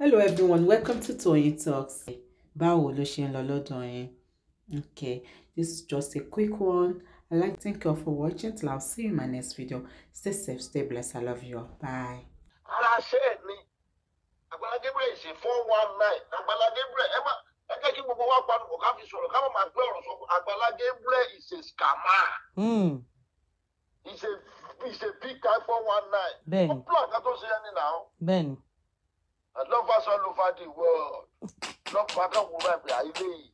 hello everyone welcome to Toyeen Talks báwo ló ṣe ń lọ lọ́dọ̀ yín okay this is just a quick one i like to thank you all for watching till i'll see you in my next video stay safe stay blessed i love you all bye. ara ṣe mi Agbala Gabriel ṣe four one nine Agbala Gabriel ẹ má ẹ jẹ́ kí gbogbo wa panu kò ká fi sọ̀rọ̀ ká má máa gbé ọ̀rọ̀ sọ̀rọ̀ Agbala Gabriel is scammer. Mm. is a four one nine. bẹ́ẹ̀ni ó pọ̀ àkàtọ̀ sí ẹni náà. bẹ́ẹ̀ni lovers all over the world lọ́pọ̀ akáwọ̀ báyìí pé àyè léyìí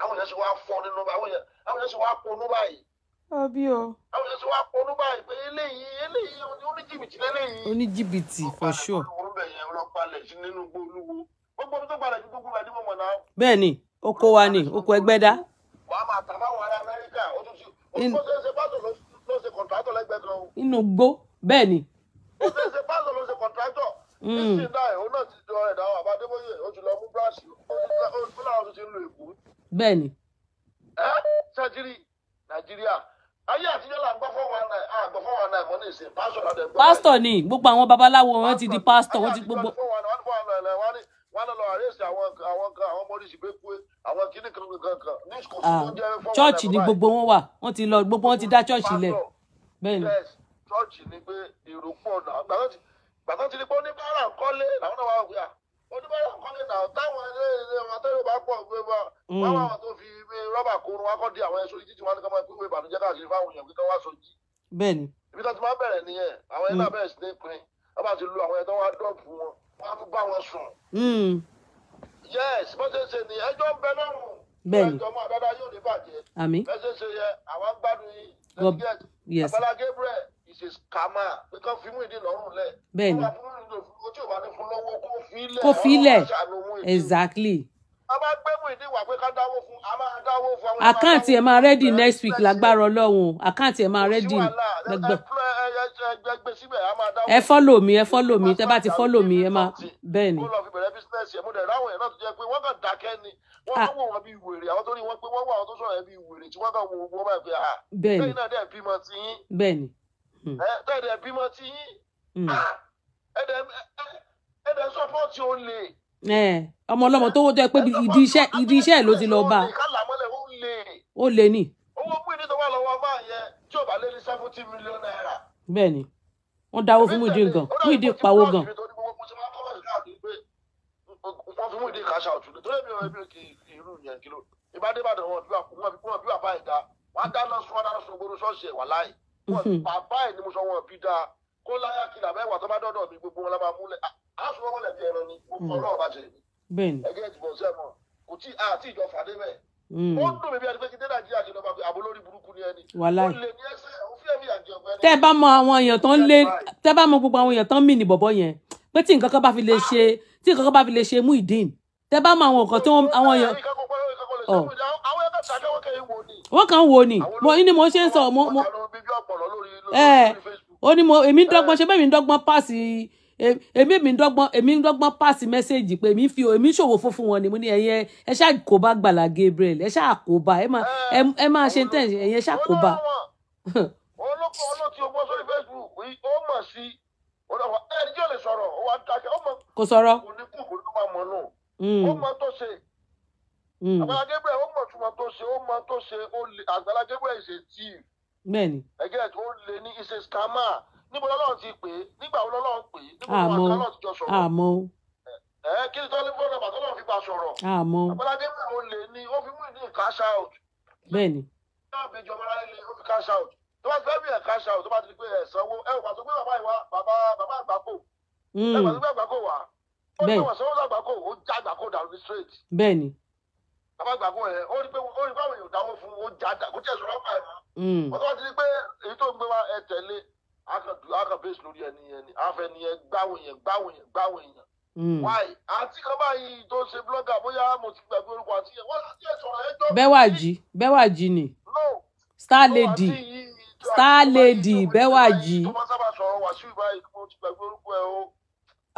àwọn èèyàn sì wá fọ́ nínú àwọn èèyàn sì wá ponú báyìí. àbí o. àwọn èèyàn sì wá ponú báyìí pé eléyìí eléyìí oníjìbìtì lélẹ́yìí. oníjìbìtì for sure. bẹ́ẹ̀ ni oko wa ni oko ẹgbẹ́ dá. wàá máa tà báwọn ará amẹ́ríkà ó tún ti ó tún ṣe é ṣe pásọ̀ ló ṣe kọ̀ǹtrátọ̀ lẹ́gbẹ̀ẹ́ kan. inú gbó bẹ́ẹ̀ ni. ó ṣe bẹ́ẹ̀ ni. ẹ ṣàjírí nàìjíríà ayé àtijọ́ là ń gbọ́ fọ́wọ́ náà à gbọ́ fọ́wọ́ náà mọ́ ní ìsìn pásítọ̀ náà dẹ̀ gbọ́. pásítọ̀ ni gbogbo àwọn babaláwo wọn ti di pásítọ̀ wọn ti gbogbo. chọ́ọ̀chì ni gbogbo wọn wà wọ́n ti lọ gbogbo wọn ti dá chọ́ọ̀chì lẹ̀ bẹ́ẹ̀ ni. chọ́ọ̀chì ni pé èrò pọ̀ náà gbàtọ́ ti ní pé ó ní báárà ń kọ́lé làwọn náà wà wíwá oníbàárà kọ́lé náà táwọn ilé ilé wọn tẹ́lẹ̀ bá pọ̀ gbé wa mm. wọn wà wọn tó fi rọ́bà kóró wọn kọ́ di àwọn ẹ̀ṣọ́ ìjì tí wọ́n ní ká máa pín ìwé ìbànújẹ́ káàkiri fáwọn èèyàn kíkọ́ wá sojí. bẹ́ẹ̀ni. ibi tó ti máa bẹ̀rẹ̀ nìyẹn àwọn ẹ̀dá mm. bẹ̀rẹ̀ sí ní pin wọ́n bá ti lu àwọn ẹ̀dá wọn dọ̀pù wọn wọ́n á tún bá wọn sùn. Mm. yes bó ṣe ṣe ni ẹjọ́ ń bẹ lọ́rùn. bẹ́ẹ̀ni yóò ní bàjẹ́. àmín. bẹ́ẹ̀ ṣe ṣe yẹ àwọn gbádùn yìí. yes. àgbàlá Gabriel ṣe kàmá pé kán fi Muyideen lọ́rùn lẹ̀. bẹ́ẹ̀ni tí o bá ní fún lọ́wọ́ kó fi ilẹ̀ kó fi ilẹ̀ exactly. a máa gbé Muyideen wà pé ká dáwó fún a máa dáwó fún àkáǹtì ẹ̀ máa rẹ́dì next week lágbára ọlọ́run àkáǹtì ẹ̀ máa rẹ́dì. ẹ fọ́lò mi ẹ fọ́lò mi tẹ́ bá ti fọ́lò mi ẹ máa bẹ́ẹ̀ ni. bẹ́ẹ̀ ni bẹ́ẹ̀ ni. Hmm. Eh, ẹ bímọ ti yín hmm. ah! ẹ dẹ̀ sọ́pọ́ọ̀tì ó lè. Eh, ọmọ ọlọ́mọ tó wó tó ẹ pé ìdí iṣẹ́ ìdí iṣẹ́ ló ti lọ bá ó lè ní. owó pín ní tọ́wọ́ lọ́wọ́ bá yẹn tí ò bá lé ní seventy million naira. bẹ́ẹ̀ni wọn dáwó fún Muyideen gan Muyideen pawó gan. wọn fún Muyideen cash out nítorí èmi ò èmi kì í irú yẹn kí ló ìbádébàdàn wọn bí wà báyìí dá wọn dáná sun wọn dáná sun gbogbo ṣọ́ọ̀ṣì ẹ̀ wà láì wọn mm-hmm. bàbá ẹ ni mo sọ wọn bí kó láyà kìlà mẹ́wàá tó bá dọ́dọ̀ mi gbogbo wọn la múlẹ̀ aṣọ wọn lẹ̀ bí ẹran ni ọlọ́run mm. bá ṣe ni ẹgbẹ́ ìdìbò ṣẹ́ mọ̀ kò tí àti ìjọ fàdé bẹ́ẹ̀ mm. ó dùn mí bí ẹni pé kí dé nàìjíríà kí ló àbólórí burúkú ní ẹni ó lè ní ẹsẹ̀ ó fi ẹ̀mí àjẹ ọ̀gbẹ́ni. tẹ́ bá mọ àwọn èèyàn tó ń lé tẹ́ bá mọ gbogbo àwọn èèyàn tó ń mì ní bọ̀bọ̀ yẹn pé tí nǹkan kan bá fi lè ṣe tí nǹkan kan bá fi lè ṣe Muyideen tẹ́ bá mọ àwọn nǹkan tó àwọn èèyàn oh. wọ́n kàn ń wo ni mo ní mo ṣe ń sọ mo mo ẹ eh, ó ní mo èmi ń dọ́gbọ́n eh. ṣe bẹ́ẹ̀ mi ń dọ́gbọ́n páàsì èmi èmi ń dọ́gbọ́n èmi ń dọ́gbọ́n páàsì mẹ́sẹ̀gì pé èmi ń fi èmi ń ṣòwò fún fún wọn ni mo ní ẹ̀yẹ ẹ ṣáà kó bá Gbàlá Gabriel ẹ ṣáà kó bá ẹ máa ṣe tẹ̀ ẹ̀yẹ ṣáà kó bá. kò sọ̀rọ̀ kò ní kú kò ní máa mọ̀ nù hmm. ó mọ̀ tó ṣe Àgbàlá Gabriel is a thief bẹ́ẹ̀ni. ẹgẹ tó lè ní ìṣe scammer níbo lọ́lọ́run ti pè é nígbà wo lọ́lọ́run pè é níbo wọn àkàlọ ti jọ sọ̀rọ̀. àmọ́ ẹ kí ni tọ́lẹ́ fọ́nà bàtọ́ lọ́run fi bá sọ̀rọ̀. àmọ́ àbọ̀ládé mọ̀ ó lè ní ó fi mú ìdí cash out. bẹ́ẹ̀ni. náà bí ìjọba ara lè ó fi cash out tó bá ti fẹ́ bí ẹ̀ cash out tó bá ti di pé ẹ̀ sanwó ẹ̀ ò pàtó pé bàbá ìwà bàbá bàbá àgbákò ẹ̀ pàtó pé hmm. àgbákò wà ó ní wọ́n sanwó lágbàkò ó já àgbákò dàrú ní straight. bẹ́ẹ̀ni. bàbá àgbákò ẹ̀ ó rí pé ó rí báwọn èèyàn dáwọ́ fún ó já àgbákò tẹ̀sán lọ́pàá ẹ̀ wọ́n tó ti di pé èyí tó ń gbé wa ẹ akàbẹ́sì lórí ẹni yẹn ni àfẹni yẹn yẹn gbáwò yẹn gbáwò yẹn. Mm. wáyé àti kan báyìí tó ṣe blọ́gà bóyá mo ti gbàgbé orúkọ àti yẹn wọ́n láti ẹ̀sọ́ ẹjọ́. Bẹ́wàjí Bẹ́wàjí ni star lady star lady Bẹ́wàjí.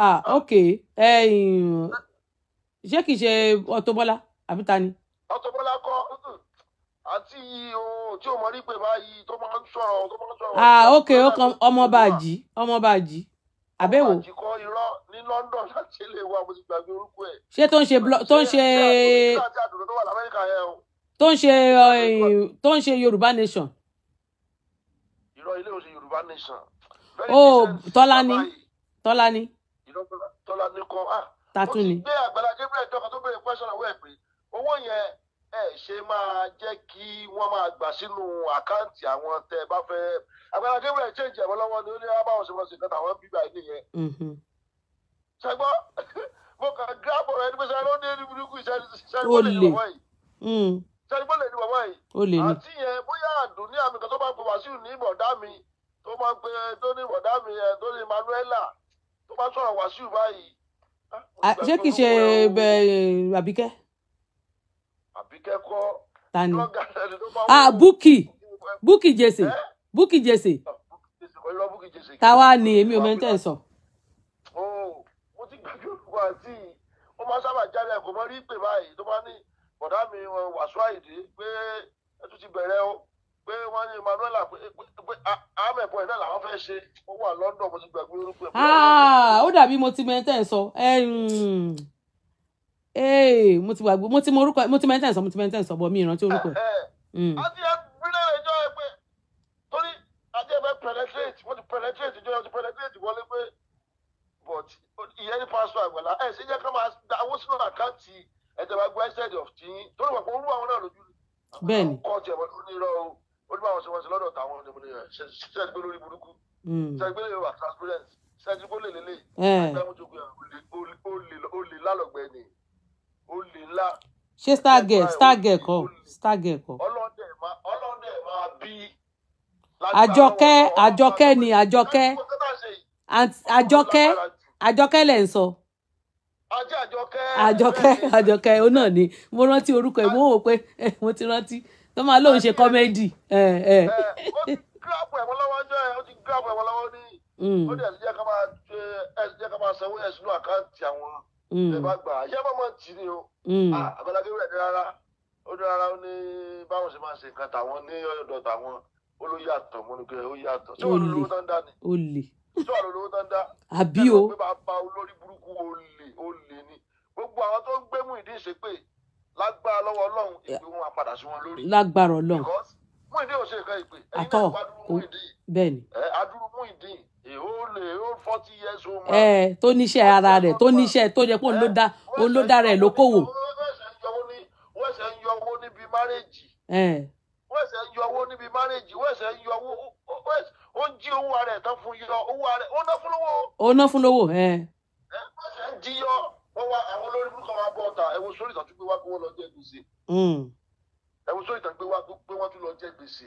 ah ok ṣé kìí ṣe Auto Bola àbí ta ni. Auto kọ́ àti yìí tí o mọ rí pé báyìí tó máa ń sọ̀rọ̀ tó máa ń sọ̀rọ̀. ah ok ọmọ bàjì ọmọ bàjì àbẹ̀wò. ọmọ bàjì kọ irọ́ ní London láti ilé wa mo ti gbàgbé orúkọ ẹ̀. ṣé tó ń ṣe tó ń ṣe tó ń ṣe eh, tó ń ṣe Yorùbá nation. irọ́ ilé òsè Yorùbá nation. o oh, Tọ́lání Tọ́lání. Tọ́lání kọ́ ah. tatuni. ó ti gbé àgbàlá Gabriel jọkọ tó bẹ̀rẹ̀ pẹ́sọ̀nà wẹ̀ pé owó yẹn ẹ ṣe máa jẹ́ kí wọ́n máa gbà sínú àkáǹtì àwọn tẹ́ ẹ bá fẹ́ Agbala Gabriel ṣe ìjẹ̀bọ́ lọ́wọ́ ni ó ní abáwọn ṣe wọ́n ṣe bíbá ilé yẹn. ṣẹgbọ́ mo kàn gíráàbọ̀ rẹ nípa sẹ́yìn lóde ní burúkú sẹ́yìnbọ̀lẹ̀ mm. ni bàbá yìí sẹ́yìnbọ̀lẹ̀ ni bàbá àti yẹn bóyá àdùn ní àmì kan tó máa ń pè wàsíù ní bọ̀dá mi tó máa ń pè eh, tó ní bọ̀dá mi eh, tó ní Manuela tó máa ń sọ̀rọ̀ wàsíù báyìí. ṣé kìí ṣe ah, Àbíkẹ́ tani ah Bukky Bukky Jesse Bukky Jesse ah, táwa ni èmi ò mẹ́tẹ́ sọ. Oh, mo ti gbàgbé olùkọ́ àti wọ́n máa sábà jálẹ̀ kò mọ́ rí pè báyìí tó bá ní bọ̀dá mi eh, wàásù àìdí pé ẹ tún ti bẹ̀rẹ̀ o pé wọ́n ní Emmanuela eh, pé ah, ahmed boy náà làwọn fẹ́ ṣe ó wà London mo ti gbàgbé orúkọ ẹ̀. Ah, ó dàbí mo ti mẹ́tẹ́ sọ ee mo ti gbàgbé mo ti mọ orúkọ mo ti mẹ́tẹ̀ sọ mo ti mẹ́tẹ̀ sọ bọ́ mi ìrántí orúkọ ẹ̀. àti ẹgbẹ́ ìjọ ẹgbẹ́ torí àti ẹgbẹ́ penetrate wọ́n ti penetrate ìjọ ti penetrate wọlé pé but ìyẹn ní pásítọ̀ àgbàlá ẹ̀ ṣe jẹ́ ká máa dáwó sínú àkáǹtì ẹ̀jẹ̀bá gbọ́ ẹ̀ṣẹ̀dì ọ̀f torí wọ́n pọ̀ orú àwọn náà lójú bẹ́ẹ̀ni kọ́ tiẹ̀ wọ́n ní irọ́ o ó ní báwọn ṣe wọ́n ṣe lọ́dọ̀ táwọn ọ̀dọ́ mi nìyẹn ṣe olè ńlá. ṣé stargell stargell kọ́ stargell kọ́. ọlọ́dẹ máa ọlọ́dẹ máa bí. àjọkẹ́ àjọkẹ́ ni àjọkẹ́ àjọkẹ́ àjọkẹ́ lẹ̀ ń sọ. ajé àjọkẹ́. àjọkẹ́ àjọkẹ́ ó náà ni mo rántí orúkọ ẹ̀ mo wò pé eh, mo ti rántí tó máa lóun ṣe kọ́mẹ́dì. ẹ ẹ gíráàpù ẹ̀wọ̀n lọ́wọ́ jẹ́ ó ti gíráàpù ẹ̀wọ̀n lọ́wọ́ ní. Hmm. ó dẹ̀ ẹ̀sìn jẹ́ ká máa sanwó ẹ̀sìn náà àkáǹtì àwọn. Mm. ẹ bá gbà á yẹ́n mọ̀mọ́ tì ní o mm. Agbala ah, Gabriel ní rárá ó ní rárá ó ní báwọn ṣe máa ṣe nǹkan tàwọn ní ọ̀dọ̀ tàwọn ó ló yàtọ̀ mo ní kẹ́ ó yàtọ̀ ṣé ni ṣé wàá lólówó tán àbí o pé bàbá olórí burúkú olè olè ni gbogbo àwọn tó ń gbé Muyideen ṣépè lágbára lọ́wọ́ Ọlọ́run ìpè wọn àpadà sí wọn lórí lágbára Ọlọ́run Muyideen ò ṣe nǹkan ìpè ẹ̀yin náà wà dúró Muyideen bẹ́ẹ̀ ni adúrú Muyideen ẹ eh, tó níṣẹ́ ara rẹ̀ tó níṣẹ́ tó yẹ kó òun ló dá eh, rẹ̀ lókòwò. wọ́n ṣe ń yọ owó níbi márèjì wọ́n ṣe ń yọ owó níbi márèjì wọ́n ṣe ń yọ owó ó ń jí owó ara ẹ̀ tán fún yọ owó ara ẹ̀ ó ná fún lówó. ó ná fún lówó. ẹ wọ́n ṣe ń jí yọ wọ́n wá àwọn olórí burúkú máa bọ̀ ọ̀tà ẹ̀wọ̀n sórí ìtàn tó gbé wá pé wọ́n lọ jẹ gbèsè. Hmm. ẹ̀wọ̀n sórí ìtàn tó gbé wá pé wọ́n tún lọ jẹ gbèsè.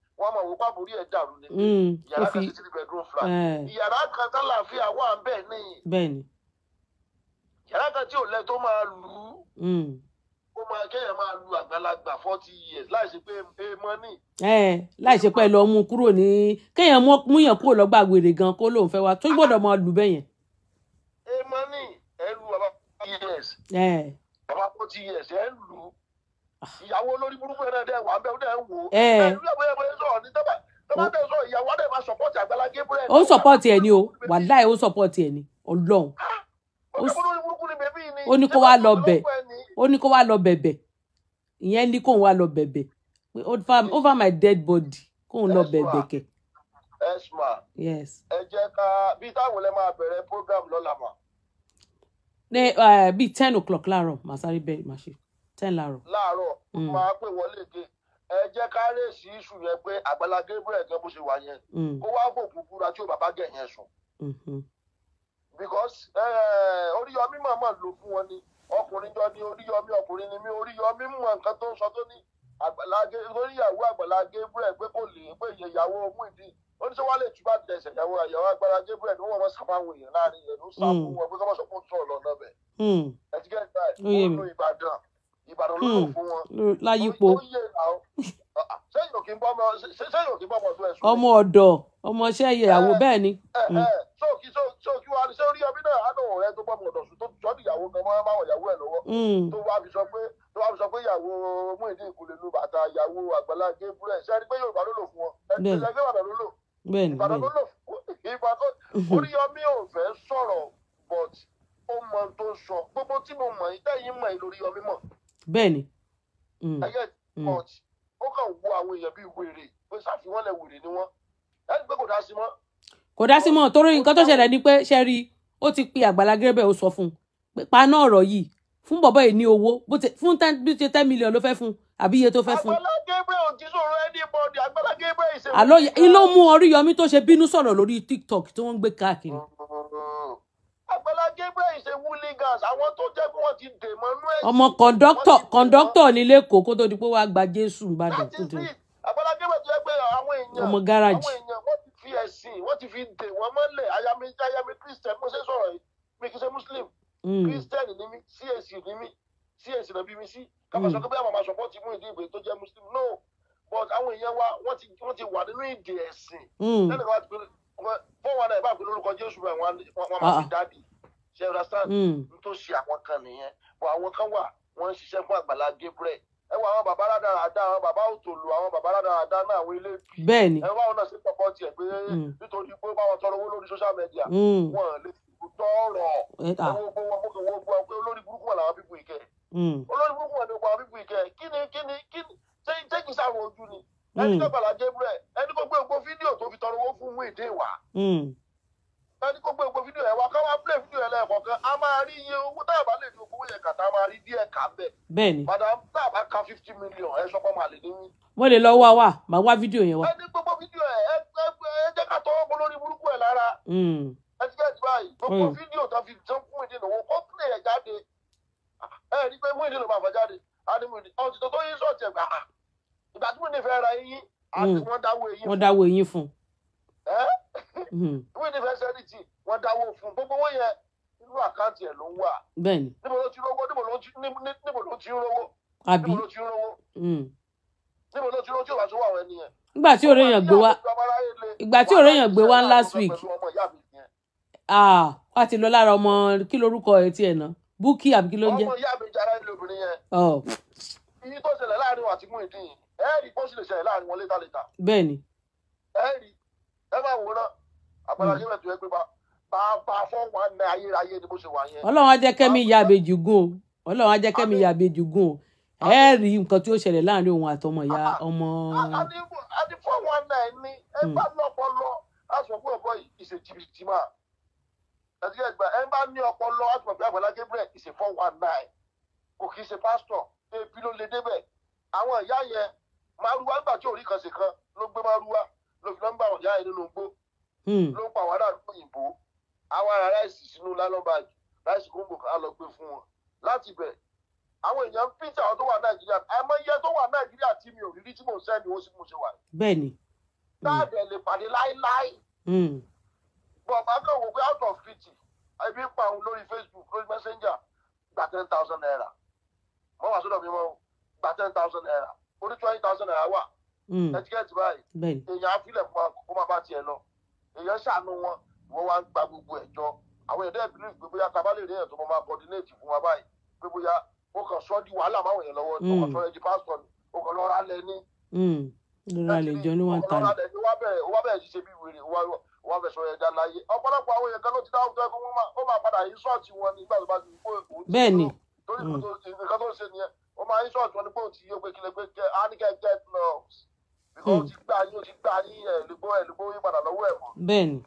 wọ́n mọ̀ wò pàbórí ẹ̀ dàrú ni ìyàrá mm, kan ti three bedroom flat ìyàrá eh. kan tá láàfin àwa à ń bẹ̀ níyìn ìyàrá kan tí ò lẹ́ tó máa lù ú mm. ó máa kéèyàn máa lu àgbàlagbà forty years láì ṣe pé eh, pé mọ́nì. láì ṣe pé lọ mú kúrò ní kéèyàn mú yàn kúrò lọ́gbà wèrè gan kó lóun fẹ́ wá tó gbọ́dọ̀ máa lù bẹ́ẹ̀ yẹn. ẹ mọ́nì ẹ lu bàbá forty years eh. bàbá forty years ẹ lù ú ìyàwó olórí burúkú yẹn dẹ wà bẹ́ẹ̀ dẹ wò ó ẹ̀ ó ń sọpọ́ọ̀tì ẹ̀ ni o wàláì ó ń sọpọ́ọ̀tì ẹ̀ ni ọlọ́run ó ní kó wá lọ bẹ̀ ó ní kó wá lọ bẹ̀bẹ̀ ìyẹn ní kóun wá lọ bẹ̀bẹ̀ over my dead body kóun lọ bẹ̀bẹ̀ kẹ̀. esma ẹ jẹ́ ká bí táwọn lè máa bẹ̀rẹ̀ program lọ́la mà. ní eh, bíi ten o'clock láàárọ̀ màsáré bẹ́ẹ̀ máa ṣe ten láàárọ̀. láàárọ̀ mm. máa pè wọlé dé ẹ jẹ́ ká rèsì iṣu yẹn pé Àgbàlá Gabriel kan bó ṣe wà yẹn mm. kó wá fòkú búra tí ò bàbá gẹ̀ yẹn sùn. Mm-hmm. because Oríyọmí màmá lò fún wọn ni ọkùnrin jọ ni Oríyọmí ọkùnrin ni mí Oríyọmí mọ nǹkan tó ń sọ tó ní Àgbàlá lórí ìyàwó Àgbàlá Gabriel pé kò lè pé ìyàwó Muyideen oníṣẹ́ wa lè túbà dẹ̀sẹ̀ ìyàwó ìyàwó Agbala Gabriel ni wọ́n wọ́n sábà wò yẹn láàrin yẹn ló sábà mm. wọ́n pé kọ́ bá sọ lọ́nà bẹ̀. ẹ̀ ti gẹ́ ìgbà ẹ̀ ló Ìbàdàn ìbàdàn ló lò hmm, fún wọn. láyípo sẹ́yìn òkè ń bọ́ ọdún ẹ̀sùn. ọmọ ọ̀dọ̀ ọmọọṣẹ́ ìyàwó eh, bẹ́ẹ̀ ni. sóòkì sóòkì wa ṣé orí ọbí náà àánú ọ̀rẹ́ tó bọ́ ọ̀dọ̀ sùn tó jọ́dún ìyàwó gan mọ́ báwọn ìyàwó ẹ̀ lọ́wọ́. Hmm. tó wá fi sọ pé tó wá fi sọ pé ìyàwó Muyideen Ikule lu bàtà ìyàwó Àgbàlá Gabriel ṣe é rí pé ló lò fún wọn bẹ́ẹ̀ni. Mm. ẹyẹ mm. ọtí ó kàn wo àwọn èèyàn bíi wèrè pé ṣàfihàn lẹ wèrè ni wọn láti pé kò dá sí mọ́. kò dá sí mọ́ torí nǹkan tó ṣẹlẹ̀ ni pé ṣẹrí ó ti pe Àgbàlá Gabriel ó sọ fún un paná ọ̀rọ̀ yìí fún bọ̀bọ̀ yìí ní owó fún bí ti ten million ló fẹ́ fún àbí iye tó fẹ́ fún. Àgbàlá Gabriel ò ti sọ̀rọ̀ anybody Àgbàlá Gabriel ìṣèlú. àlọ́ ilé mú Oríyọmí tó ṣe bínú sọ̀rọ̀ lórí TikTok tí wọ́n ń gbé káàkiri. Mm. Àgbàlá Gabriel ṣe wúlígàs àwọn tó jẹ́ pé wọ́n ti dè mọ́nú ẹ̀sìn. ọmọ kọ̀ǹdọ́tọ̀ kọ̀ǹdọ́tọ̀ ní lẹ́kọ̀ọ́ kó tó di pé wàá gba Jésù Ìbàdàn tó dé. Àgbàlá Gabriel tó yẹ pé àwọn èèyàn àwọn èèyàn wọ́n ti fi ẹ̀sìn wọ́n ti fi dè wọ́n mọ́lẹ̀ ayami ayami Christian mo ṣe sọ̀rọ̀ mi kì í ṣe Muslim hmm. Christian ni mi CAC ni mi CAC náà bí mi sí káfà hmm. sọ pé àwọn àmàṣọpọ̀ ti mú ìdí ìbò tó jẹ́ Muslim no but àwọn èèyàn wa wọ́n ti wọ́n ti wà nínú ìdè ẹ̀sìn hmm. lẹ́nu kan wọ́n wà náà ìbá pẹ̀lú orúkọ Jésù ṣe understand hmm. n tó ṣe àwọn kan nìyẹn bọ àwọn kan wà wọn ń ṣiṣẹ́ fún Àgbàlá Gabriel ẹ wọ àwọn bàbá rádaràda àwọn bàbá òtòlù àwọn bàbá rádaràda náà àwọn ilé bí bẹ́ẹ̀ni ẹ wọ àwọn náà sí pọpọ tiẹ pé hmm. nítorí pé báwọn tọrọ owó lórí social media hmm. wọn lè fi tọrọ owó gbọ wọn gbọ owó gbọ pé olórí burúkú wọn làwọn bíbu ìkẹ olórí burúkú wọn ni wọn bíbu ìkẹ kí ni kí ni kí tẹ́kì sáwọn ojú ni ẹni tó gbàlá Gabriel ẹni tó gbé fídíò tó fi tọrọ owó fún Muyideen wá ẹni kó gbé gbogbo fídíò ẹ wá ká wá play fídíò ẹ lẹ́ẹ̀kọ̀ọ̀kan a máa rí iye owó tá a bá lè fi owó yẹn kà a máa rí díẹ̀ kà bẹ́ẹ̀. bẹ́ẹ̀ni madam tá a bá ka fifty million ẹ sọ pé màá lè ní. wọ́n lè lọ wá wá màá wá fídíò yẹn wá. ẹni gbogbo fídíò ẹ ẹ ẹ jẹ́ ká tọwọ́ bọ lórí burúkú ẹ lára. Hmm. ẹ ti gẹ́t báyìí gbogbo hmm. fídíò tó fi jẹun fún ìdènà owó kó kílè ẹ̀ jáde ẹ rí pé mú ìdènà máa fà jáde Mm-hmm. ìwé yunifásitì wọn dáwó fún gbogbo wọn yẹ inú àkáǹtì ẹ ló ń wà. bẹ́ẹ̀ni. níbo ló ti rówó níbo ló ti níbo ló ti rówó. àbí níbo ló ti rówó. Mm. níbo ló ti rówó tí o bá tún wà wọ ẹni yẹn. ìgbà tí ọ̀rẹ́ yẹn gbé wá ìgbà tí ọ̀rẹ́ yẹn gbé wá last week. ah wá ti lọ lára ọmọ kí lorúkọ ẹ tiẹ̀ náà búkì àbí kí ló ń jẹ́. ọmọ ìyá mi jara ilé obìnrin yẹn. iye oh. tó ṣẹlẹ̀ láàrin wa ti mú ìdí yìí ẹ̀ẹ́rì bó ṣẹlẹ̀ láàrin wọn létà létà. bẹ́ẹ̀ni. ẹ̀ẹ́rì ẹ hmm. bá wòran àgbàlá ṣe mẹ́tò ẹ pé bàbá fọ́ọ̀mù àná ayérayé ni bó ṣe wà yẹn. ọlọ́run á jẹ́ kẹ́mi ìyá àbèjì gùn o ọlọ́run á jẹ́ kẹ́mi ìyá àbèjì gùn o ẹ rí nǹkan tí ó ṣẹlẹ̀ láàrin òun àtọmọ ìyá ah, ah. ọmọ. àti fọ́ọ̀mù àná ẹ hmm. ní ẹ bá lọ́pọlọ á sọ fún ọ̀bọ ìṣèjìbìtì máa ẹ̀dígẹ́ ẹ bá ní ọpọlọ àtúntò Àgbàlá Gabriel is a four one nine kò kì í ṣe pásítọ̀ ebi ló lè débẹ̀ àwọn ìyá yẹn márùwá nígbà tí òrí kan ṣe kan ló gbé márùwá ló fi nọ́mbà àwọn ìyá yẹn nínú igbó hmm. ló ń pa àwọn aráàlú òyìnbó àwọn ará ráìsì sínú lálọ́bàjì ráìsì kóńgò ká lọ gbé fún wọn láti bẹ̀ àwọn èèyàn ń pín tí tó wà nàìjíríà àmọ́ iye tó wà nàìjíríà tí mi ò rí rí tí mò sẹ́ni ó sì mò ṣe wà. bẹ́ẹ̀ni. táàdì ẹ̀ lè pàdé láéláé. Hmm. bọ̀ bá kàn wò pé out of fifty ẹbí pa òun lórí facebook lórí messenger gba ten thousand naira mọ́ wàásù dọ̀ mi mọ́ gba ten thousand naira orí twenty thousand naira wà ẹtíkẹ́tì mm. báyìí èèyàn afílẹ̀ fún akókó máa bá tiẹ̀ lọ èèyàn ṣàánú wọn wọn wá ń gba gbogbo ẹ̀jọ́ àwọn èdè ìbílẹ̀ pé bóyá tabalẹ̀ èèyàn tó máa coordinate fún wa báyìí pé bóyá ó kàn sọ́ di wàhálà máwọn èèyàn lọ́wọ́ ó kàn mm. sọ́ ẹjì pásítọ̀ ni ó kàn lọ́ra lẹ ní. Mm. lọ́ra lè jọ ní wọ́n ta ni. wọ́n bẹ̀rẹ̀ ṣiṣẹ́ bí wèrè wọ́n fẹ́ sọ ẹja láyé ọ̀pọ̀lọpọ̀ àwọn èèyàn kan ló ti dáhùn tó ẹkún because hmm. ó ti gbá yín ó ti gbá yín ẹ̀ lùgbọ́ yín padà lọ́wọ́ ẹ̀ mọ́. bẹ́ẹ̀ni.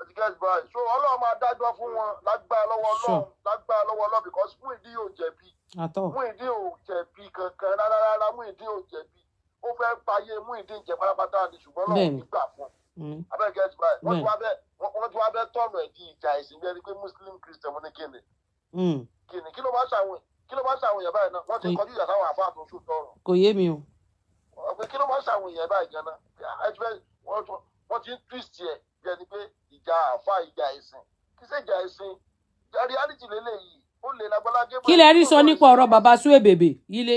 ẹtì gẹ́sì báyìí so ọlọ́run máa dájọ́ fún wọn lágbára lọ́wọ́ ọlọ́run lágbára lọ́wọ́ ọlọ́run because mú ìdí yóò jẹ̀bi. àtọ́ mú ìdí yóò jẹ̀bi kankan rárá rárá ìdí yóò jẹ̀bi ó fẹ́ gbayé mú ìdí jẹ pátápátá ni ṣùgbọ́n ọlọ́run ti gbà fún un. gẹ́sì hmm. báyìí wọ́n ti wá bẹ́ẹ̀ wọ́n ẹ̀ pé kí ló máa ń ṣàwọn èèyàn báyìí gan-an ah, ẹgbẹ́ wọ́n ti ń twist ẹ̀ bí ẹni pé ìjà àfa ìjà ẹ̀sìn kí ṣe ìjà ẹ̀sìn reality lélẹ́yìí ó lè lágbọ́lá gébù. kí lẹ rí sọ nípa ọ̀rọ̀ bàbá Suwe Bebe ilé.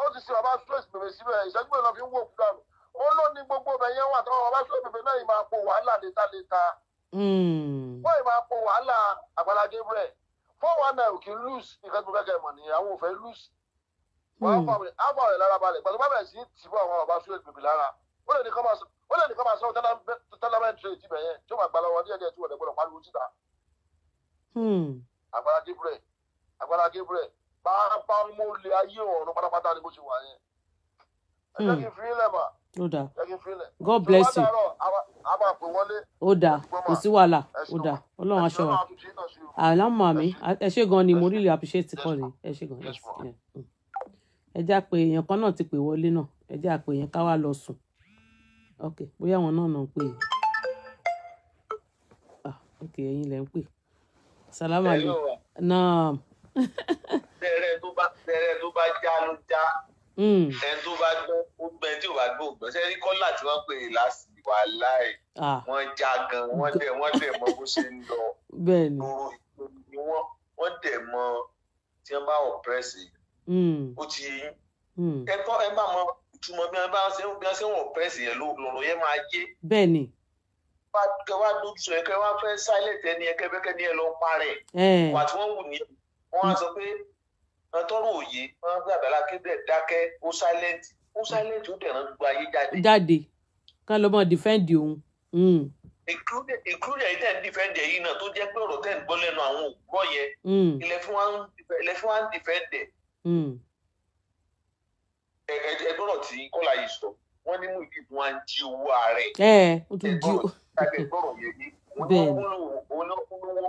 ó ti sin bàbá Suwe Bebe síbẹ̀ ìṣẹ́jú mélòó fi ń wò kúrò àná ó ló ní gbogbo ọbẹ̀ yẹn wà táwọn bàbá Suwe Bebe náà yìí máa po wàhálà létaléta. Hmm. wọ́n yìí máa po wàhálà Àgbàlá Gabriel fọ́wọ́n náà kì í lose Hmm. wọn fà hmm. hmm. God bless you. Ó dà kò sí wàhálà. Ó dà Ọlọ́run aṣọ wa. Àlámọ̀ mi ẹ ṣé gan ni mo really appreciate the call ẹ ṣé gan. Yes. Yeah. Mm ẹ já pé èèyàn kan náà ti pè wọlé náà ẹ já pé èèyàn ká wá lọ sùn ok bóyá àwọn náà náà ń pè ah ok ẹ̀yin lẹ ń pè salama le naam. tó bá tẹrẹ tó bá jánu já hmm. ẹ tó bá gbọ́ ó tí ò bá gbọ́ ògbẹ sẹrí kọlà tí wọ́n pè é lásì wà láì ah. wọ́n já gan wọ́n dẹ̀ wọ́n dẹ̀ mọ̀ bó ṣe ń lọ lóru ni wọ́n dẹ̀ mọ̀ tí wọ́n bá ọpẹrẹsì yìí Hmm. ó ti yẹ yín hmm. ẹ kọ́ ẹ bá mọ ìtumọ̀ bí wọ́n bá ṣe ń bí wọ́n ṣe ń wọ̀ pẹ́ẹ́sì yẹn lọ́rọ̀ yẹn máa yé. bẹ́ẹ̀ni. wá kẹ wá dójú ẹ kẹ wá fẹ́ silent ẹni ẹ kẹbẹkẹ ni ẹ lọ parẹ. wà tí wọ́n wù ní wọ́n á sọ pé wọ́n tọrọ òye wọ́n gbàgbàlá kébẹ̀ dákẹ́ ó silent ó silent ó dẹ̀ràn gbogbo ayé jáde. jáde kán ló mọ defend òun. Hmm. including ẹ̀yin tẹ̀ ń defend ẹ̀yin náà tó jẹ́ pé ọ̀rọ̀ tẹ̀ ń gbọ́ lẹ́nu àwọn òkúrọ̀ yẹn ilẹ̀ fún wa Hmm. ẹgbọ́rọ̀ tí kọ́lá yìí sọ wọ́n ní mú ìdìbò wa ń jí owó ààrẹ ẹgbọ́rọ̀ yẹn o wọ́n ní o lówó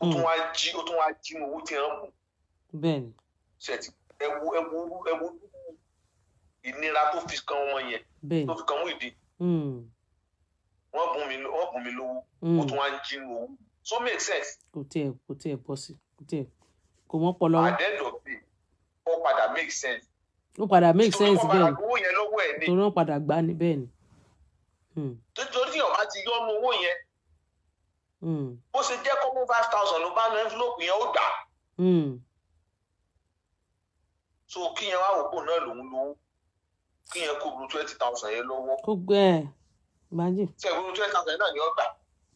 o tún hmm. wá jí ó tún wá jí mi owó tí wọ́n mú ṣètì ẹwu ẹwu ẹwu ìnira tó fi kan wọn yẹn tó fi kan mú ìdí hmm. wọ́n bùn mí wọ́n o mí lówó ó tún wá ń jí mi owó so make sense. kò tiẹ̀ kò tiẹ̀ bọ́ sí kò tiẹ̀ kò mọ́ pọ̀ lọ́wọ́. at the end of the day ó padà make sense. ó padà make sense bẹ́ẹ̀ ni torí wọ́n padà gbá ni bẹ́ẹ̀ ni. nítorí hmm. ọba ti yọ ọmọ owó yẹn hmm. bó ṣe jẹ́ kó mú five thousand ló bá nu envelope yẹn ó gbà. Hmm. so kí yẹn wá òpó náà lòun lówó kí yẹn kó bu twenty thousand yẹn lọ́wọ́. kó gbẹ ẹ gbájì. sẹ́gun twenty thousand náà ni ó gbà.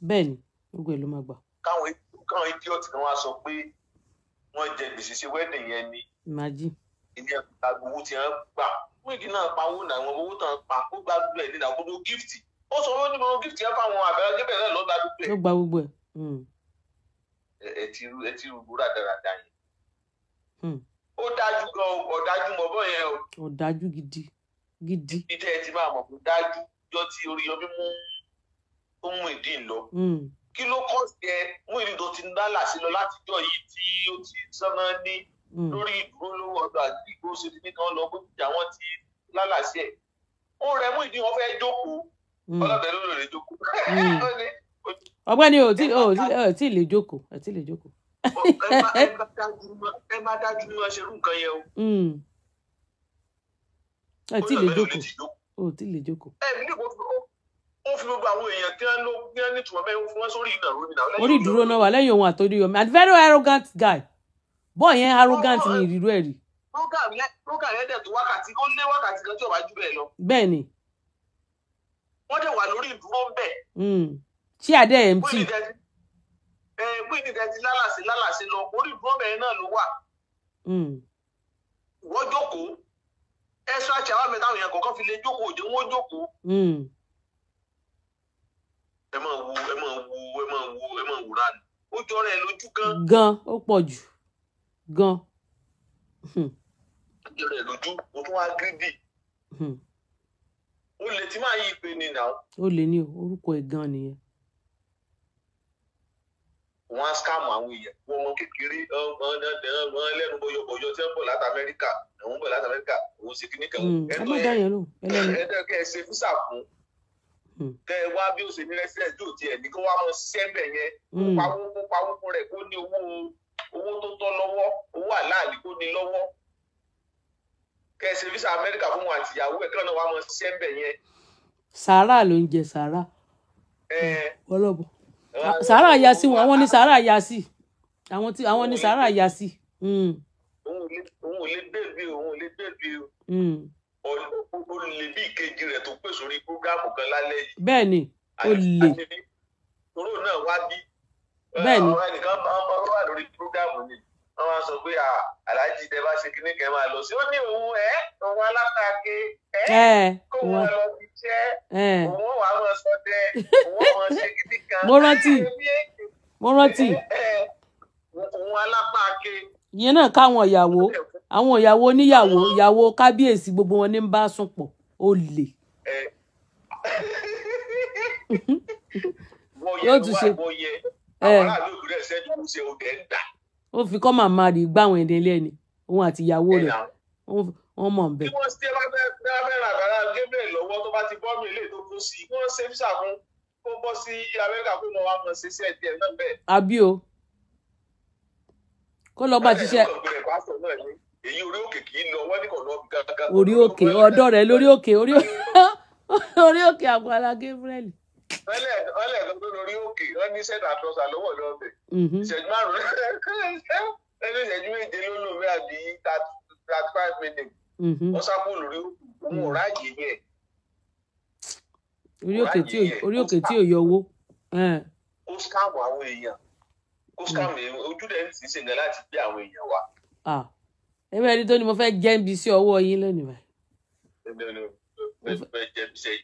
bẹ́ẹ̀ ni gbogbo ẹ̀ ló máa gbà. káwọn idiot kan wá sọ pé wọ́n jẹ gbèsè sí wẹ́ẹ̀dì yẹn ni ilé ẹ̀ka gbowó ti hàn gbà wíìdì náà pa owó náà wọn owó tán pa ó gba gbogbo ẹ̀ nínú àwọn gbogbo gift ó sọ wọ́n ní gbogbo gift yẹn fáwọn àbẹ̀rẹ̀ gébẹ̀ náà ló gba gbogbo ẹ̀. ló gba gbogbo ẹ̀. Hmm. ẹ ti ru ẹ ti ru gbúra dáradára yẹn. Hmm. ó dájú gan ọ̀dájú mọ̀ bọ́ yẹn o. ọ̀dájú gidi gidi. ìdí tẹ́ ẹ ti máa mọ̀ kó dájú jọ ti orí yọmí mú ó mú ìdí lọ. Hmm kí ló kọ́ sí ẹ mú ìrìndò ti ń dálà sí lọ látijọ́ yìí tí ó ti sánmọ́ ní hmm. lórí ìdúró lówó ọdọ àti ìgbó ṣe ti nìkan lọ bó ti àwọn ti lálà sí ẹ ó rẹ mú ìdí wọn fẹ́ jókòó hmm. ọlọ́dẹ ló lè jókòó. Hmm. ọ̀gbẹ́ni o tí ò tí lè jókòó o tí lè jókòó. ẹ má dájú ní wọn ṣe irú nǹkan yẹn o. ò tí lè jókòó ò tí lè jókòó. ẹ mi ní kò ó fi gbogbo àwọn èèyàn tí wọ́n ló ní ẹni tí wọ́n mẹ́rin fún wọn sórí ìdàrú ni náà. orí ìdúró náà wà lẹ́yìn ohun àtòrí omi and very arrogant guy boy yẹn arrogant ni ìrírú ẹ̀ rí. lókà rẹ dẹ̀ tó wákàtí ó lé wákàtí kan tí ò bá jù bẹ́ẹ̀ lọ. bẹ́ẹ̀ ni. wọ́n dẹ̀ wà lórí ìdúró ń bẹ̀. tí hmm. adé mt. pé ìdíje ti lálàsí lálàsí lọ orí ìdúró bẹ̀rẹ̀ náà ló wà. Hmm. wọ́n jókòó ẹ ẹ máa wo ẹ máa wo ẹ máa wo ẹ máa wòrà ni ó jọra ẹ lójú gan. gan ó pọ̀ jù gan. Hmm. ó jọra ẹ lójú mo tún wá gírídì. ó hmm. lè tí máa yí ìpè ni nà. ó lè ní orúkọ ẹ̀ gan nìyẹn. wọ́n á skáàmù àwọn èèyàn wọ́n mọ kékeré wọ́n lẹ́nu bọyọ̀bọyọ̀ tí wọ́n bọ̀ láti amẹ́ríkà òun bọ̀ láti amẹ́ríkà òun sì kíníkà. ẹ má dá yẹn lò ẹ lẹ́nu. ẹ dẹ́kẹ́ ẹ ṣe fúsà fún. Hmm. kẹ ẹ wá bí ó ṣe ní lẹ́sẹ̀ tí ò tiẹ̀ ní kó wá mọ sẹ́ńbẹ̀ yẹn kó hmm. pawó kó pawó fún rẹ̀ kó ní owó owó tó tọ́ lọ́wọ́ owó àláàlì kó ní lọ́wọ́ kẹ ẹ ṣe visa Amẹ́ríkà fún wọn àtìyàwó ẹ̀ kí wọ́n náà wá mọ sẹ́ńbẹ̀ yẹn. sàárà ló ń jẹ sàárà ọlọ́bù ah, sàárà ya sí wọn àwọn ni sàárà ya sí àwọn tí àwọn ni sàárà ya sí. òun ò lè bẹ́ẹ̀ bí hmm. òun ò lè bẹ́ẹ̀ bí o ó lè bí ìkejì rẹ̀ tó pèsè orí búgáàmù kan lálẹ́ yìí. bẹ́ẹ̀ ni ó lè. náà wá bí. bẹ́ẹ̀ ni ọ̀rẹ́ nìkan máa ń wà lórí búgáàmù ni wọ́n máa sọ pé aláàjì tẹ bá ṣe kíní kẹ́ẹ́ máa lọ sí ó ní òun ẹ̀ òun alákàáké ẹ̀ kó wọn lọ fi jẹ́ òun wàá máa sọ dẹ òun máa ṣe kíní kan. mo rántí mo rántí. òun alákàáké ìyẹn náà káwọn ìyàwó àwọn ìyàwó oníyàwó ìyàwó kábíyèsí gbogbo wọn ní ń bá sùn pọ̀ ó lè. yóò tún ṣe ó fi kọ́ màmá rí gbáwọn ẹ̀dẹ̀ lẹ́ni òun àti ìyàwó rẹ̀ wọ́n mọ̀ bẹ́ẹ̀. bí wọ́n ṣe lábẹ́rẹ́ àgbàrá Gabriel lọ́wọ́ tó bá ti bọ́ mi ilé tó kú sí i wọ́n ṣe ń ṣàkún kó bọ́ sí Amẹ́ríkà kó mọ̀ wá mọ̀ ṣe sí ẹ̀dẹ̀ náà bẹ́ẹ̀. àbí kó lọ máa ṣiṣẹ́. èyí orí òkè kì í lọ wọ́n ní lọ gángan. orí òkè ọ̀dọ́ rẹ̀ lórí òkè orí òkè Agbala Gabriel. ọlẹ ọlẹ kan lórí òkè wọn ní sẹta àtọsà lọ́wọ́ lọbẹ mm-hmm. ìṣẹ́jú márùn ẹni ìṣẹ́jú méje ló lò àbí thirty five minutes mm-hmm. wọn lórí òkè òun ò mm-hmm. ráàyè yẹ orí òkè tí ò yọ owó. ó scam àwọn èèyàn scam hmm. yẹn ojú rẹ̀ ń sì ṣe yẹn láti gbé àwọn èèyàn wa. ẹ bẹ́ẹ̀ ni tó ni mo fẹ́ jẹ́ ń bi sí ọwọ́ yín lónìí báyìí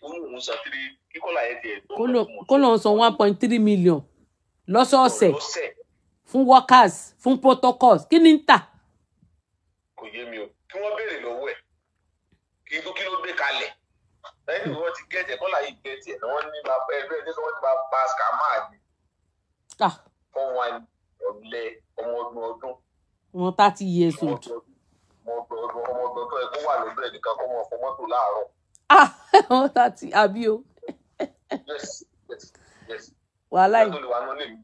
kó lóun san one point three million lọ́sọ̀ọ̀sẹ̀ fún workers fún protocols kí ni ń tà. kò yé mi o kí wọ́n béèrè lọ́wọ́ ẹ̀ kí ló kí ló gbé kalẹ̀ lẹ́yìn tí wọ́n ti gẹ̀ẹ́jẹ̀ kọ́lá yìí gẹ̀ẹ́jẹ̀ ni wọ́n ní bá ẹgbẹ́ ẹgbẹ́ tí wọ́n ti bá pa scammer yìí four one ọ̀lẹ ọmọ ọdún ọdún. wọn thirty years old. ọmọ ọdún ọdún ọmọ ọdún ọdún ẹ wà lọ́dọ̀ ẹ nìkan kó ọkọ mọ́tò láàárọ̀. ah wọn thirty àbí o. yes yes yes. wàhálà yìí. olùwà náà lè mi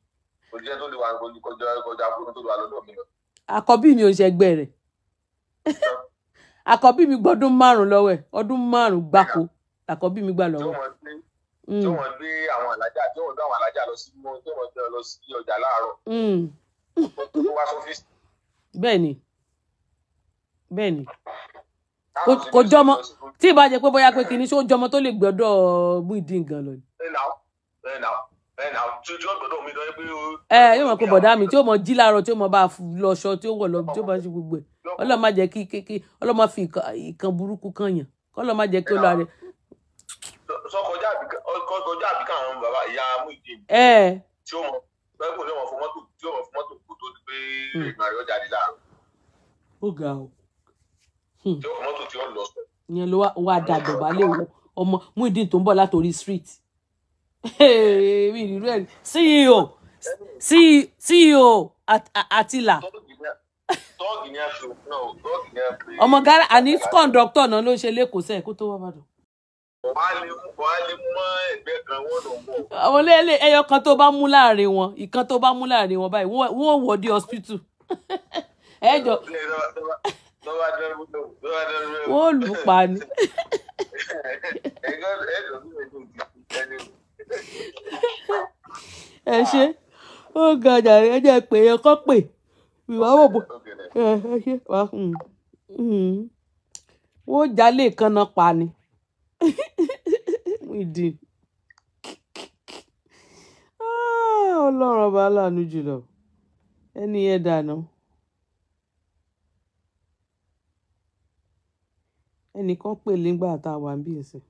òjijì tó lè wà kọjá kọjá fún tó lè wà lọ́dọ̀ mi lọ. àkọ́bí mi ò ṣẹgbẹ́ rẹ̀ àkọ́bí mi gbọ́dún márùn-ún lọ́wọ́ ẹ̀ ọdún márùn-ún gbáko àkọ́bí mi gbà lọ́wọ́ tí mm. wọ́n gbé àwọn alájà tí wọ́n gbé àwọn alájà lọ sí mọ́ tí wọ́n gbé lọ sí ọjà láàárọ̀ mm. tó wá kò jọmọ tí ì bá jẹ pé bóyá pé kìíní ṣó jọmọ tó lè gbọ́dọ̀ Muyideen gan lọ. ẹ yóò mọ̀ pé bọ̀dá mi tí ó mọ jí láàárọ̀ tí ó mọ bá lọ́ṣọ tí ó wọ̀ lọ tí ó bá ṣe gbogbo ẹ̀ ọlọ́ọ̀ má jẹ́ kí ọlọ́ọ̀ má fi ìkan burúkú kan yàn kọ́lọ́ọ̀ má jẹ́ kí ó lọ rẹ̀ sọkọjá àbíkà àwọn bàbá ìyá Muyideen tí ó mọ bẹ́ẹ̀ kò ní ọmọ fún mọ́tò tí ó mọ fún mọ́tò kò tó di pé ìrìn hmm. àyọ jáde láàárọ̀. ó ga o. Hmm. tí ó mọ mọ́tò tí ó lọ sọ. ìyẹn ló wá da dọ̀bálẹ̀ wo ọmọ Muyideen tó ń bọ̀ látòrí street mi ìrírí ẹ̀ CEO CEO àtìlà ọmọ gara àní kọ́ńdọ́tọ̀ náà ló ṣe lẹ́kọ̀ọ́ sẹ́ẹ̀ kó tó wá bàdàn àwọn lẹ́lẹ́ ẹyọ kan tó bá mú láàrin wọn ìkan tó bá mú láàrin wọn báyìí wọ́n wọ̀ dé hospital ẹjọ wọ́n lù ú pa ni. ẹ ṣe ó ga jàre ẹ jẹ́ pé ẹ kọ́ pé ìwà wò bó ẹ ṣe hmm, hmm. wọ́n jalè kan náà pa ni. Muideen. Ah, Ọlọ́run ọba aláàánú jùlọ. Ẹni yẹn dànù. Ẹnìkan pè nígbà tá a wà ń bí ìsìn.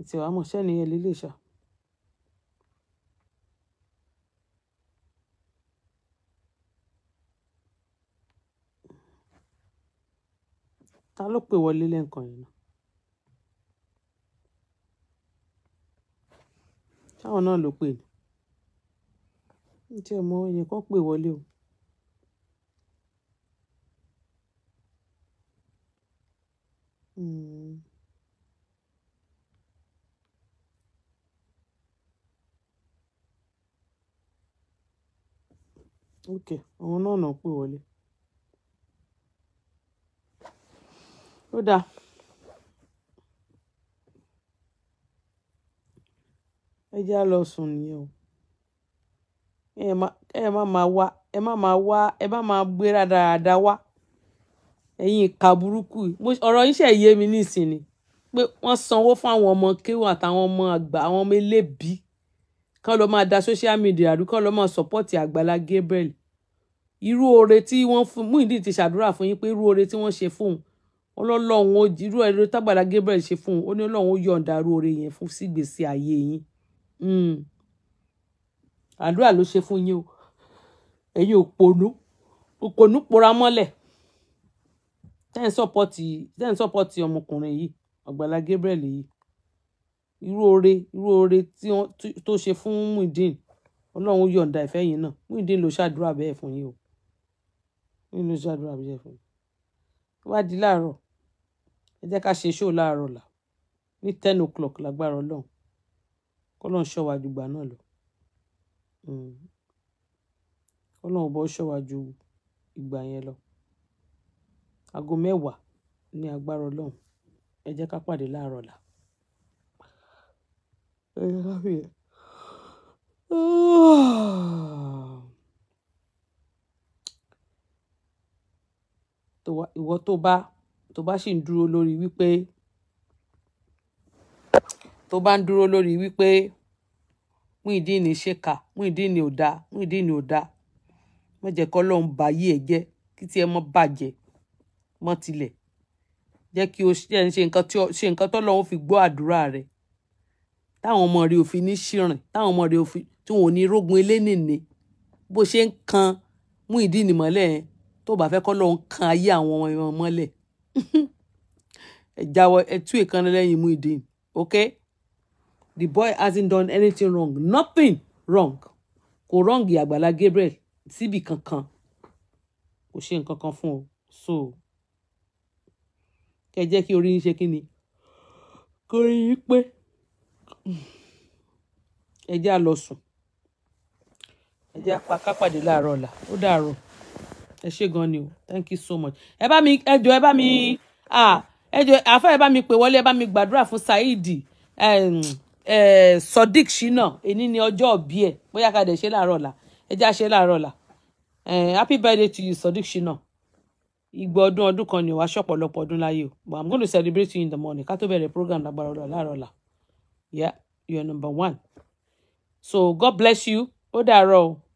Ìtìwá mọ̀ṣẹ́ nìyẹn lílé ṣá. Ta ló pè wọlé lẹ́ǹkan yẹn náà? táwọn náà ló pè ní tí ọmọ ẹnì kan pè wọlé o. Hmm. ok àwọn náà náà pè wọlé ó dáa. ẹ já lọ sùn nìyẹn o ẹ má máa wá ẹ má máa wá ẹ má máa gbé rádaràda wá ẹ̀yin ìka burúkú ọ̀rọ̀ yìí ṣe yé mi nísìnyí pé wọ́n sanwó fún àwọn ọmọ kéwọn àtàwọn ọmọ àgbà àwọn ọmọ eléèbí kán lọ máa da social media àdúgbò kán lọ máa sọpọ́ọ̀tì Àgbàlá Gabriel irú oore tí wọ́n fún Muyideen ti ṣàdúrà fún yín pé irú oore tí wọ́n ṣe fún un ọlọ́lọ́run irú ẹ̀rọ tí Gabriel ṣe fún un ó ní Ọlọ́run ó yọ̀ǹda irú oore yẹn fún sígbésí ayé yín Hmm. àdúrà ló ṣe fún yín o ẹ̀yin òpònú òpònú pora mọ́lẹ̀ tẹ́ǹ sọ́pọ́tì tẹ́ǹ sọ́pọ́tì ọmọkùnrin yìí ọ̀gbàlá Gabriel yìí irú oore irú oore tó ṣe fún Muideen ọlọ́run yọ̀ǹda ìfẹ́ yìí náà Muideen ló ṣàdúrà bẹ́ẹ̀ fún yín o Muideen ló ṣàdúrà bẹ́ẹ̀ fún yín tó bá di láàárọ̀ ẹ jẹ́ ká ṣe ṣó láàárọ̀ là ní ten o'clock lágbára ọlọ́run Kọ́lọ́run ṣọ́ wa ju ìgbà náà lọ. Hmm. Kọ́lọ́run ọba ó ṣọ́ wa ju ìgbà yẹn lọ. Ago mẹ́wàá ní agbára Ọlọ́run. Ẹ jẹ́ ká pàdé láàárọ̀ ọ̀la. Ẹ jẹ́ ká fi yẹn. Ìwọ tó bá, tó bá sì ń dúró lórí wípé tó bá ń dúró lórí wípé Muyideen ṣèkà Muyideen ò dáa Muyideen ò dáa má jẹ́ kọ́ lọ́hún ba yí ẹ̀ jẹ́ kí tiẹ̀ mọ́ bàjẹ́ mọ́ tilẹ̀ jẹ́ kí o ṣe nǹkan tó lọ́hún fi gbọ́ àdúrà rẹ̀ táwọn ọmọ rẹ̀ ò fi ní ṣìrìn táwọn ọmọ rẹ̀ ò fi tí wọn ò ní rógun ilé nìní bó ṣe ń kan Muyideen mọ́lẹ̀ yẹn tó bá fẹ́ kọ́ lọ́hún kan ayé àwọn ọmọ mọ́lẹ̀ ẹ jáwọ́ ẹ tú ìkànnì lẹ́yìn Muyideen okay the boy hasn't done anything wrong nothing wrong kò wrong Àgbàlá Gabriel Sibi kankan kò ṣe nǹkan kan so kẹ jẹ́ kí orí ni kò rí yín pé ẹ jẹ́ á lọ sùn ẹ jẹ́ á pa kápàdé láàárọ̀ ọ̀la ó dàárọ̀ ẹ ṣé gan ni thank you so much Eba mi ẹ jọ̀ọ́ ẹ mi Ah. jọ̀ọ́ àfẹ ẹ bá mi kwe wọlé eba mi gbàdúrà fún Saidi. Um, Eh, Sodiq Shina eni ni ọjọ́ òbí ẹ̀ bóyá ká dẹ̀ ṣe láàárọ̀ ọ̀la ẹ já ṣe láàárọ̀ ọ̀la eh, happy birthday to you Sodiq Shina ìgbà ọdún ọdún kan ni wàá ṣọ̀pọ̀lọpọ̀ ọdún láyé o but i'm going to celebrate you in the morning ká tó bẹ̀rẹ̀ program lágbára ọ̀la láàárọ̀ ọ̀la yeah you are number one so god bless you ó dàárọ̀ o.